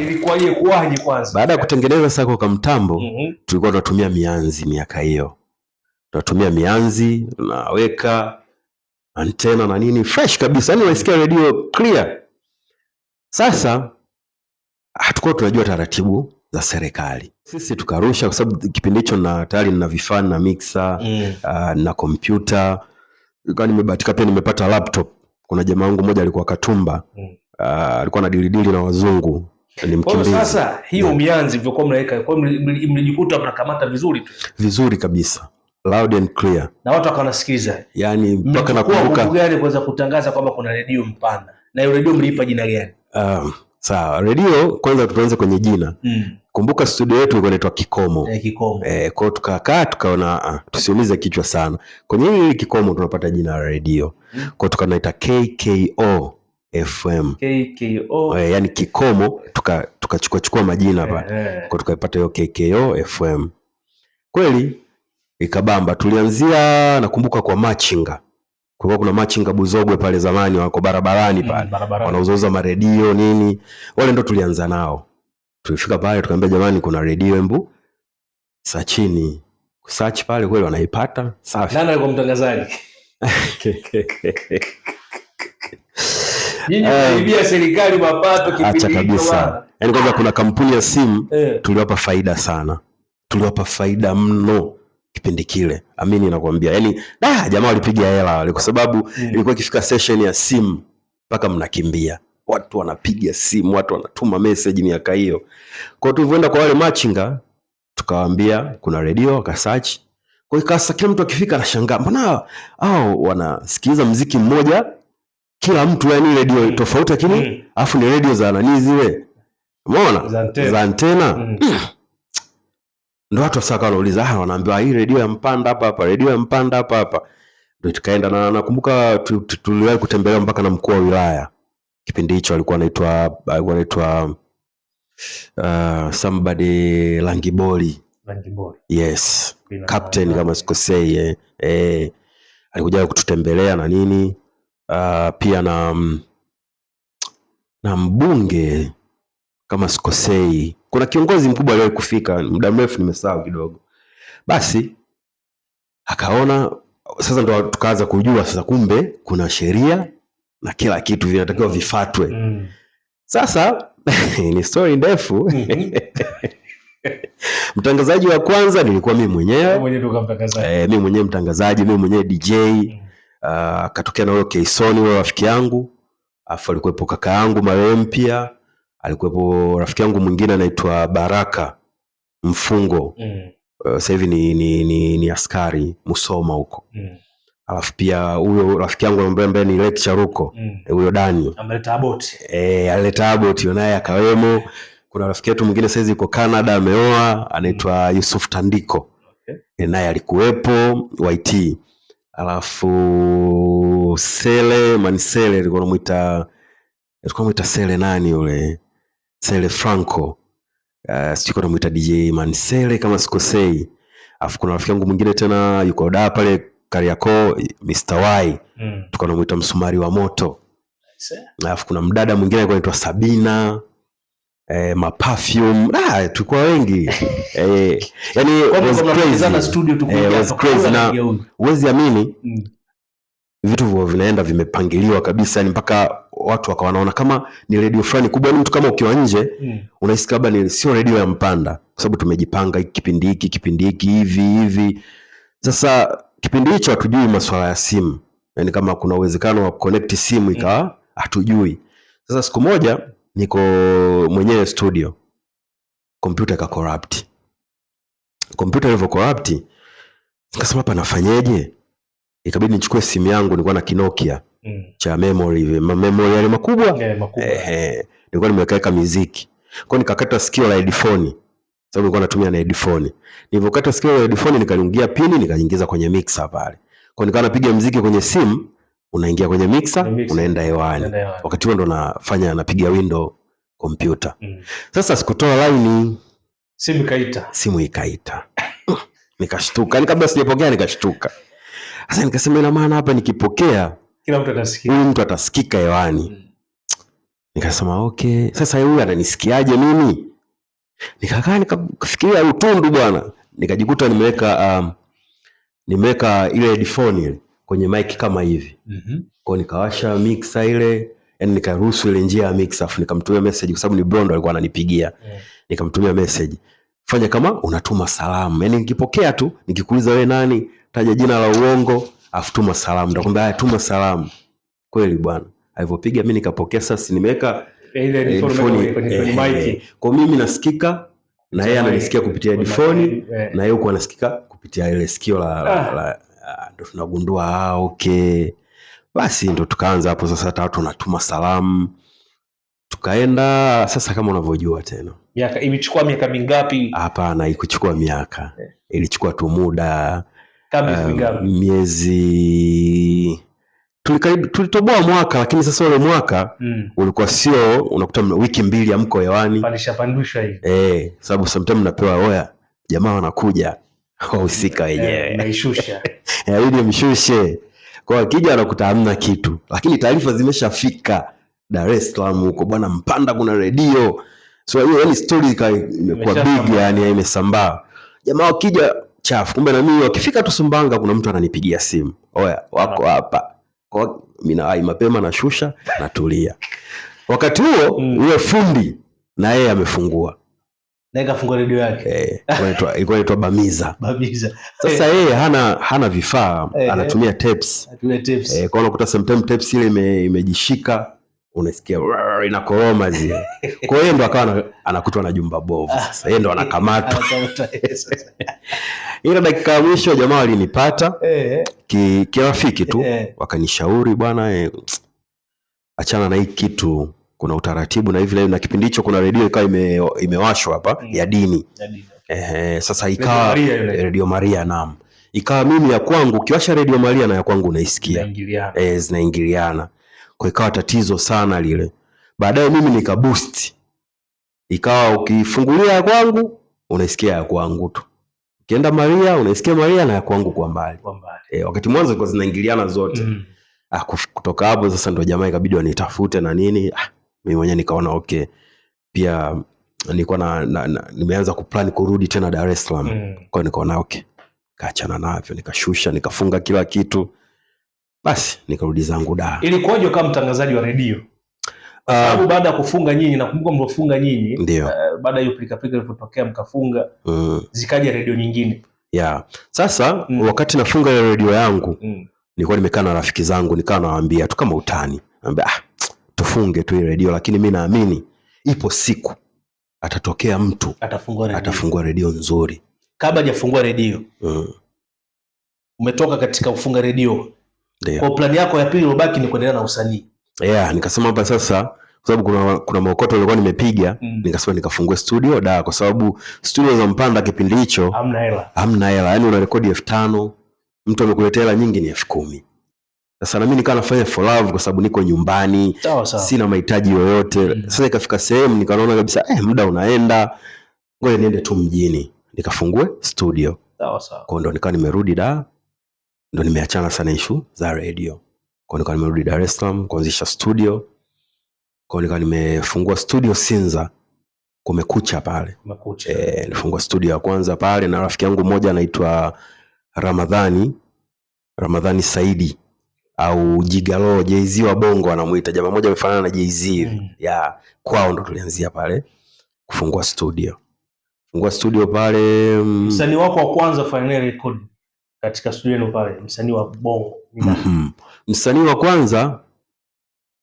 ilikuwaje kuwaje kwanza? Baada ya kutengeneza sako kwa mtambo mm -hmm. tulikuwa tunatumia mianzi miaka hiyo, tunatumia mianzi, tunaweka antena na nini fresh kabisa, yani unasikia radio clear. Sasa hatukuwa tunajua taratibu za serikali, sisi tukarusha, kwa sababu kipindi hicho na tayari nina vifaa na mixer mm. uh, ah, na kompyuta nilikuwa nimebahatika pia nimepata laptop. Kuna jamaa wangu mmoja alikuwa Katumba, mm. uh, alikuwa na dilidili na wazungu sasa hiyo mianzi mlivyokuwa mnaweka, kwa mlijikuta mnakamata vizuri tu, vizuri kabisa, loud and clear, na watu wakawa wakawasikiliza. Yani mpaka nakumbuka kwa gani kuweza kutangaza kwamba kuna redio Mpana, na hiyo redio mliipa jina gani? Um, sawa, redio kwanza, tuanze kwenye jina mm. Kumbuka studio yetu ilikuwa inaitwa Kikomo, eh, Kikomo. Eh, kwa hiyo tukakaa tukaona, ah, tusiumize kichwa sana kwenye hili Kikomo tunapata jina la redio mm. hiyo tukanaita KKO FM KKO, eh, yani kikomo, tukachukua tuka chukua majina pale eh, eh. kwa tukaipata hiyo KKO FM. Kweli ikabamba, tulianzia nakumbuka kwa machinga kulikuwa kuna machinga Buzogwe pale zamani, wako barabarani mm, pale wanauzauza maredio nini, wale ndo tulianza nao. Tulifika pale tukaambia, jamani, kuna redio, embu sa chini search pale, kweli wanaipata. Safi, nani alikuwa mtangazaji? kuibia eh. serikali mapato kipindi kabisa. Yaani kwanza kuna kampuni ya simu eh, tuliwapa faida sana, tuliwapa faida mno kipindi kile, amini nakwambia. yani da jamaa walipiga hela wale, kwa sababu mm, ilikuwa ikifika session ya simu mpaka mnakimbia, watu wanapiga simu, watu wanatuma message miaka hiyo. Kwa tulivyoenda kwa wale machinga, tukawaambia kuna redio, wakasearch kwa kasa, kila mtu akifika anashangaa, mbona hao wanasikiliza mziki mmoja kila mtu yani radio mm. tofauti, lakini mm. afu ni radio za nani zile, umeona za antena mm. ndio watu wasaka wanauliza, ah, wanaambiwa hii redio ya Mpanda hapa hapa, redio ya Mpanda hapa hapa. Ndio tukaenda na nakumbuka tuliwahi kutembelea mpaka na mkuu wa wilaya kipindi hicho, alikuwa anaitwa alikuwa anaitwa uh, somebody Langiboli, Langiboli, yes, captain kama sikosei, eh, eh, alikuja kututembelea na nini uh, pia na, mm, na mbunge kama sikosei, kuna kiongozi mkubwa aliwahi kufika, muda mrefu nimesahau kidogo. Basi akaona sasa, ndo tukaanza kujua sasa, kumbe kuna sheria na kila kitu vinatakiwa vifatwe. mm. Sasa ni stori ndefu. Mm-hmm. mtangazaji wa kwanza nilikuwa mimi mwenyewe, eh, mimi mwenyewe mtangazaji, mimi mwenyewe DJ. mm. Ah, akatokea na huyo Keisoni, huyo rafiki yangu, afu alikuwepo kaka yangu marehemu pia, alikuwepo rafiki yangu mwingine anaitwa Baraka Mfungo mm. Uh, sasa hivi ni, ni, ni, ni askari Musoma huko mm. Alafu pia huyo rafiki yangu ambaye ni lecturer huko mm. Eh, huyo mm. Dani ameleta abot eh, alileta abot naye akawemo. Kuna rafiki yetu mwingine saizi yuko Canada ameoa, anaitwa mm. Yusuf Tandiko okay. E, naye alikuwepo YT alafu Sele Manisele alikuwa anamuita alikuwa anamuita Sele nani yule Sele Franco uh, ah, sikuwa anamuita DJ Manisele kama sikosei. Alafu kuna rafiki yangu mwingine tena yuko da pale Kariakoo Mr. Y mm. tukawa anamuita msumari wa moto. Alafu kuna mdada mwingine alikuwa anaitwa Sabina eh, maperfume ah, tulikuwa wengi eh, yani was crazy, eh, huwezi amini mm. Vitu vyo vinaenda vimepangiliwa kabisa, yani mpaka watu wakawa wanaona kama ni redio fulani kubwa. Ni yaani mtu kama ukiwa nje mm. unahisi kabla ni sio redio ya Mpanda, kwa sababu tumejipanga kipindi hiki kipindi hiki hivi hivi. Sasa kipindi hicho hatujui masuala ya simu, yani kama kuna uwezekano wa connect simu ikawa mm. hatujui. Sasa siku moja niko mwenyewe studio, kompyuta ka corrupt. Kompyuta ilivyo corrupt, nikasema hapa nafanyeje? Ikabidi nichukue simu yangu, nilikuwa na Kinokia mm. cha memory memory yale makubwa yeah, eh, nilikuwa nimekaeka muziki kwa nikakata sikio la headphone, sababu nilikuwa natumia na headphone. Nilivyokata sikio la headphone, nikaliungia pini, nikaingiza kwenye mixer pale, kwa nikawa napiga muziki kwenye simu unaingia kwenye mixer, mixer. unaenda hewani wakati huo ndo nafanya napiga window kompyuta mm. Sasa sikutoa line, simu ikaita, simu ikaita nikashtuka, ni yaani kabla sijapokea nikashtuka. Sasa nikasema ina maana hapa nikipokea kila mtu atasikia, huyu mtu atasikika hewani mm. Nikasema okay, sasa huyu ananisikiaje mimi? Nikakaa nikafikiria utundu bwana, nikajikuta nimeweka um, nimeweka ile headphone ile kwenye mic kama hivi Mhm. mm Kwa nikawasha mixer ile, yani nikaruhusu ile njia ya mixer, afu nikamtumia message kwa sababu ni Blondo alikuwa ananipigia yeah. Nikamtumia message, fanya kama unatuma salamu, Yaani nikipokea tu nikikuuliza wewe nani, taja jina la uongo afu tuma salamu, ndakwambia haya, tuma salamu kweli bwana. Alivyopiga mimi nikapokea, sasa nimeweka eh, ile eh, eh, kwenye mic. Eh. kwa mimi nasikika na yeye ananisikia kupitia headphone eh. na yeye huko anasikika kupitia ile sikio la, ah. la, la Ah, ndo tunagundua ah, okay. Basi ndo tukaanza hapo sasa, hata watu wanatuma salamu tukaenda sasa, kama unavyojua tena, miaka imechukua miaka mingapi? Hapana, haikuchukua miaka yeah. Ilichukua tu muda um, miezi tulikaribu, tulitoboa mwaka, lakini sasa ule mwaka mm. ulikuwa sio, unakuta wiki mbili amko hewani, pandisha hivi eh, sababu sometimes napewa oya, jamaa wanakuja wahusika eh, wenyewe eh, inabidi eh, mshushe kwa akija anakuta hamna kitu, lakini taarifa zimeshafika Dar es Salaam huko bwana Mpanda kuna redio so hiyo yani story imekuwa big yani imesambaa. Jamaa wakija chafu, kumbe na mimi wakifika tu Sumbanga kuna mtu ananipigia simu, oya wako ah. hapa. Kwa mimi na mapema nashusha natulia. Wakati huo mm. yule mm. fundi na yeye amefungua na ikafungua redio yake eh, ilikuwa inaitwa Bamiza. Bamiza. Sasa eh. yeye hana hana vifaa hey, eh. anatumia tapes. Anatumia tapes. Eh, kwa unakuta sometimes tapes ile ime, imejishika unasikia inakoroma zile. Kwa hiyo ndo akawa anakutwa na jumba bovu. Ah. Sasa yeye ndo anakamatwa. Ila dakika ya mwisho jamaa walinipata eh. kirafiki ki tu, wakanishauri bwana, eh, achana na hii kitu kuna utaratibu na hivi leo na kipindi hicho kuna redio ikawa ime, imewashwa hapa mm. ya dini ya dini. Eh, sasa ikawa redio Maria naam, ikawa mimi ya kwangu ukiwasha redio Maria na ya kwangu unaisikia eh, zinaingiliana kwa, ikawa tatizo sana lile. Baadaye mimi nikaboost, ikawa ukifungulia ya kwangu unaisikia ya kwangu tu, ukienda Maria unaisikia Maria na ya kwangu kwa mbali, kwa mbali. Eh, wakati mwanzo zilikuwa zinaingiliana zote mm. Ah, kutoka hapo sasa ndo jamaa ikabidi wanitafute na nini ah, mimi mwenyewe nikaona okay, pia nilikuwa na, na, na nimeanza kuplan kurudi tena Dar es Salaam mm. Kwa nikaona okay, kaachana navyo, nikashusha nikafunga kila kitu, basi nikarudi zangu da. Ilikuwaje kama mtangazaji wa redio? Uh, baada ya kufunga nyinyi, nakumbuka mlofunga nyinyi ndio, uh, baada ya pilika pilika ilipotokea mkafunga, mm. zikaja redio nyingine yeah. Sasa mm. wakati nafunga ile redio yangu mm. nilikuwa nimekaa na rafiki zangu, nikawa nawaambia tu kama utani, naambia ah tuifunge tu redio, lakini mi naamini ipo siku atatokea mtu atafungua redio nzuri. Kabla hajafungua redio mm. umetoka katika kufunga redio, yeah. kwa plani yako ya pili iliyobaki ni kuendelea na usanii yeah. Nikasema hapa sasa kwa sababu kuna, kuna maokoto nilikuwa nimepiga mm. Nikasema nikafungue studio da, kwa sababu studio za Mpanda kipindi hicho hamna hela, hamna hela, yani una rekodi elfu tano mtu amekuletea hela nyingi ni elfu kumi sasa na mimi nikawa nafanya for love kwa sababu niko nyumbani sawa sawa, sina mahitaji yoyote mm. Sasa ikafika sehemu nikaona kabisa eh, muda unaenda, ngoja niende tu mjini nikafungue studio sawa sawa. Kwa ndo nikawa nimerudi da, ndo nimeachana sana issue za radio, kwa nikawa nimerudi Dar es Salaam kuanzisha studio, kwa nikawa nimefungua studio Sinza kumekucha pale, kumekucha eh, nifungua studio ya kwanza pale na rafiki yangu mmoja anaitwa Ramadhani Ramadhani Saidi au Jigalo jay wa Bongo anamuita jamaa mmoja amefanana na jay mm. ya kwao ndo tulianzia pale kufungua studio kufungua studio pale mm. msanii wako wa kwanza final record katika studio yenu pale msanii wa Bongo mm -hmm. msanii wa kwanza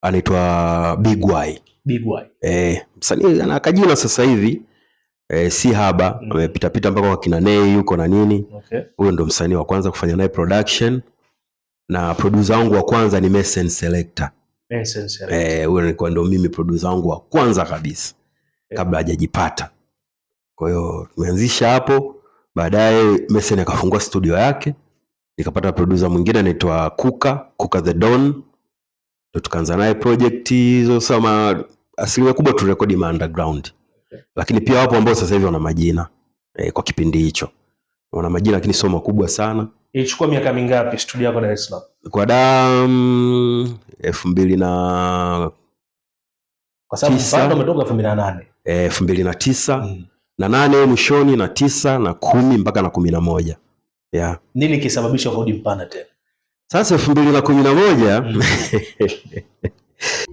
anaitwa Big Y Big Y eh msanii ana kajina sasa hivi E, si haba mm. amepitapita pita mpaka kwa kina Nei yuko na nini huyo okay. Ndo msanii wa kwanza kufanya naye production mm na producer wangu wa kwanza ni Mason Selector. Mason Selector. Eh, huyo nilikuwa ndo mimi producer wangu wa kwanza kabisa eh. kabla hajajipata. Kwa hiyo tumeanzisha hapo, baadaye Mason akafungua studio yake, nikapata producer mwingine anaitwa Kuka, Kuka the Don. Ndio tukaanza naye project hizo sama asilimia kubwa turekodi ma underground. Eh. Lakini pia wapo ambao sasa hivi wana majina eh, kwa kipindi hicho. Wana majina lakini sio makubwa sana. Ilichukua miaka mingapi studio yako Dar es Salaam? Kwa damu elfu mbili na kwa sababu bado umetoka elfu mbili na nane eh, elfu mbili na tisa mm. na nane mwishoni na tisa na kumi mpaka na kumi na moja yeah. Nini kisababisha kurudi mpana tena sasa elfu mbili na kumi na moja mm.